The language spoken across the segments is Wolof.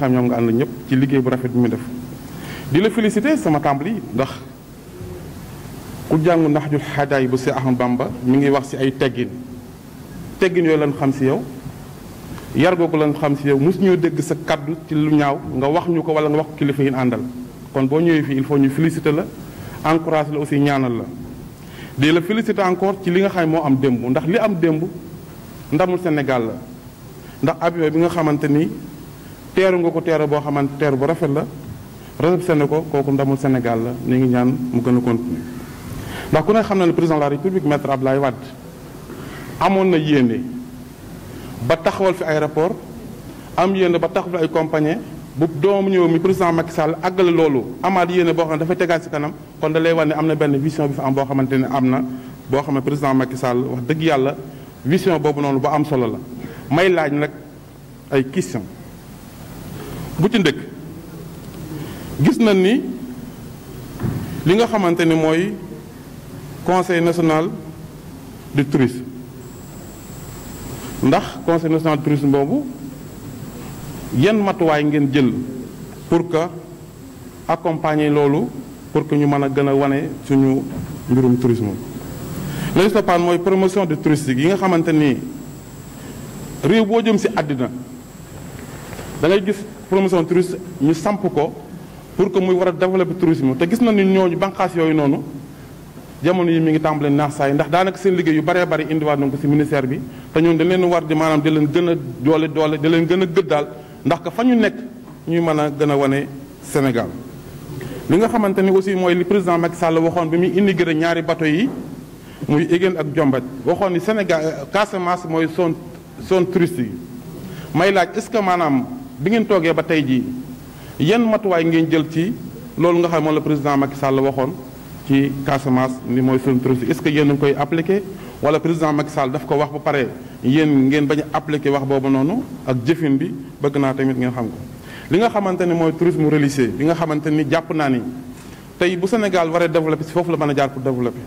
xam ñoom nga ànd ñëpp ci liggéey bu rafet bi mu def di la féliciter sama tàmbali ndax ku jàngu Nahjul Hadaaya bu Seex Ahmadu Bamba mi ngi wax si ay teggin teggin yooyu lan xam si yow yar googu lan xam si yow mos ñoo dégg sa kàddu ci lu ñaaw nga wax ñu ko wala nga wax kilifa yi àndal kon boo ñëwee fii il faut ñu féliciter la encourage la aussi ñaanal la di la féliciter encore ci li nga xam moo am démb ndax li am démb ndamul Sénégal la ndax avion teeru nga ko teeru boo xamante teeru bu rafet la réceptionné na ko kooku ndamul Sénégal la ñu ngi ñaan mu gën continuer ndax ku ne xam na ne président de la république maître Abdoulaye Wade amoon na yéene ba taxawal fi ay rapport am yéene ba taxawal fi ay compagnie bu doomu ñëw mi président Macky Sall àggale loolu amaat yéene boo xam ne dafay tegaat si kanam kon da lay wane ne am na benn vision bi fa am boo xamante ne am na boo xam ne président Macky Sall wax dëgg yàlla vision boobu noonu bu am solo la may laaj nag ay question bu ci ndëkk gis na ni li nga xamante ni mooy conseil national du tourisme ndax conseil national du tourisme boobu yan matuwaay ngeen jël pour que accompagner loolu pour que ñu mën a gën a wane suñu mbirum tourisme lañu soppaan mooy promotion de touristique yi nga xamante ni réew boo jëm ci àddina dangay ngay gis promotion tourisme ñu samp ko pour que muy war a développer tourisme te gis na ni ñooñu banqaas yooyu noonu jamono yi mi ngi tàmbale naax saa yi ndax daanaka seen liggéey yu bare bari indiwaat nañ ko ci ministère bi te ñoom dañ leen war di maanaam di leen gën a doole doole di leen gën a gëdd daal ndax que fa ñu nekk ñuy mën a gën a wane Sénégal li nga xamante ni aussi mooy li président Macky Sall waxoon bi muy intégré ñaari bato yi muy Égéne ak Diombat waxoon ni Sénégal Casamance mooy zone zone touristique yi may laaj est-ce maanaam bi ngeen toogee ba tey jii yan matuwaay ngeen jël ci loolu nga xam moom la président Macky la waxoon ci Casamance ni mooy film touristique est-ce que yéen a koy appliqué wala président Macky Sall daf ko wax ba pare yéen ngeen bañ a appliqué wax boobu noonu ak jëfin bi bëgg naa tamit ngeen xam ko. li nga xamante ni mooy tourisme religieux bi nga xamante ni jàpp naa ni tey bu Sénégal waree développé si foofu la mën a jaar pour développé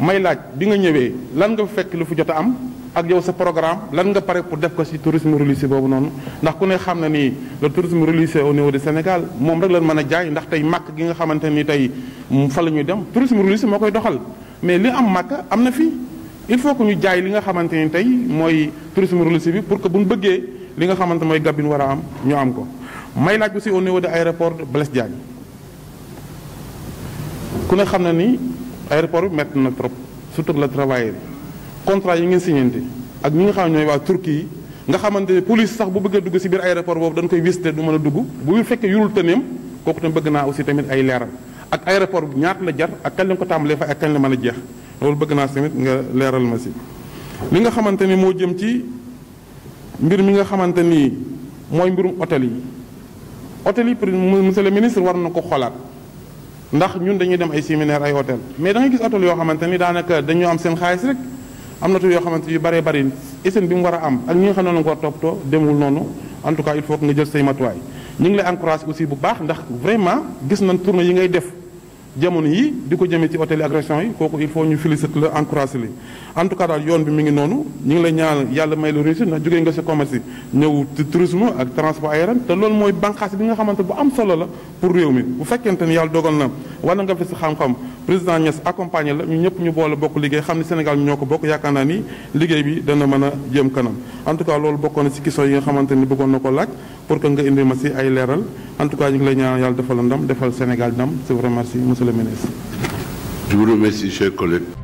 may laaj bi nga ñëwee lan nga fekk lu fi jot a am. ak yow sa programme lan nga pare pour def ko ci tourisme religieux boobu noonu ndax ku ne xam na ni le tourisme religieux au niveau du Sénégal moom rek lan mën a jaay ndax tey màkk gi nga xamante ni tey fa la ñuy dem tourisme religieux moo koy doxal mais li am màkk am na fii il faut que ñu jaay li nga xamante ni tey mooy tourisme religieux bi pour que bu ñu bëggee li nga xamante mooy gab bi war a am ñu am ko may laaj aussi au niveau de aéroport Blaise Diagne ku ne xam na ni aéroport bi métti na trop surtout le travail contrat yi ngeen signante ak ñi nga xam ne ñooy waa Turquie yi nga xamante ne police sax bu bëggee dugg si biir aéroport boobu dañ koy visité du mën a dugg bu fekkee yurul tëneem kooku tam bëgg naa aussi tamit ay leeral ak aéroport bi ñaat la jar ak kañ lañ ko tàmbalee fa ak kañ la mën a jeex loolu bëgg naa si tamit nga leeral ma si. li nga xamante ni moo jëm ci mbir mi nga xamante ni mooy mbirum hôtel yi hôtel yi mu le ministre war na ko xoolaat ndax ñun dañuy dem ay séminaire ay hôtel mais da nga gis yoo xamante ni daanaka dañoo am seen xaalis am na tur yoo xamante yu bëree bëri isin bi mu war a am ak ñi nga xam ne noonu nga war toppatoo demul noonu en il faut que nga jël say matuwaay ñu ngi lay encouragé aussi bu baax ndax vraiment gis nañ tournée yi ngay def jamono yi di ko jëmee ci hôtel yi ak yi kooku il faut ñu félicite la encouragé li en tout bi mi ngi noonu ñu ngi lay ñaanal yàlla may la réussite nga si commerce yi ñëw ci tourisme ak transport aérien te loolu mooy banqaas bi nga xamante bu am solo la pour réew mi bu fekkente ni yàlla dogal na war nga fi sa xam-xam président Niass accompagné la ñu ñëpp ñu boole bokk liggéey xam ne Sénégal ñoo ko bokk yaakaar naa ni liggéey bi dana mën a jëm kanam en tout cas loolu bokkoon na ci question yi nga xamante ni bëggoon na ko laaj pour que nga indi ma ci ay leeral en tout cas ñu ngi lay ñaanal yàlla defal la ndam defal Sénégal ndam je vous remercie monsieur le